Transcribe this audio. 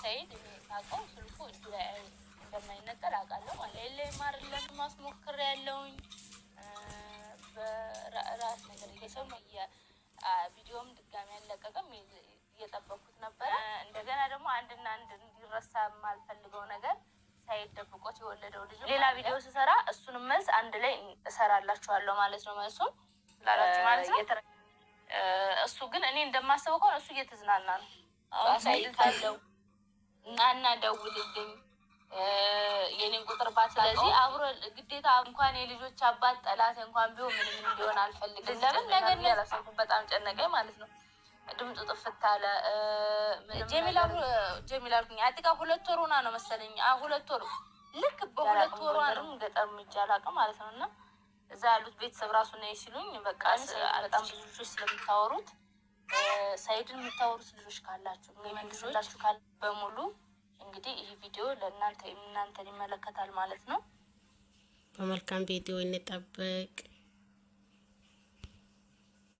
ሰይድ እኔ ስልኩ እጁ ላይ እንደማይነጠል አውቃለሁ። ሌላ ማርለም ማስሞክር ያለውኝ በራስ ነገር እየሰሙ ቪዲዮም ድጋሚ አልለቀቅም እየጠበኩት ነበረ። እንደገና ደግሞ አንድና አንድ እንዲረሳ የማልፈልገው ነገር ሳይድ ደብቆት የወለደው ልጅ ሌላ ቪዲዮ ስሰራ እሱንም መልስ አንድ ላይ እሰራላችኋለሁ ማለት ነው። መልሱም እሱ ግን እኔ እንደማስበው ከሆነ እሱ እየተዝናና ነው ሳይድ ካለው ናና ደውልልኝ የኔን ቁጥር ባት ስለዚህ አብሮ ግዴታ እንኳን የልጆች አባት ጠላት እንኳን ቢሆን ምንም እንዲሆን አልፈልግም። ለምን ነገር ያላሰብኩ በጣም ጨነቀኝ ማለት ነው። ድምፁ ጥፍት አለ። ጀሚላ አልኩኝ አጥቃ ሁለት ወር ሆና ነው መሰለኝ። ሁለት ወር ልክ በሁለት ወር ንም ገጠር ምጃ ማለት ነው። እና እዛ ያሉት ቤተሰብ ራሱ ነይ ሲሉኝ በቃ በጣም ብዙ ልጆች ስለምታወሩት ሳይድን የምታወሩት ልጆች ካላችሁ መንግስላችሁ ካለ በሙሉ እንግዲህ ይህ ቪዲዮ ለእናንተ እናንተን ይመለከታል ማለት ነው። በመልካም ቪዲዮ እንጠበቅ።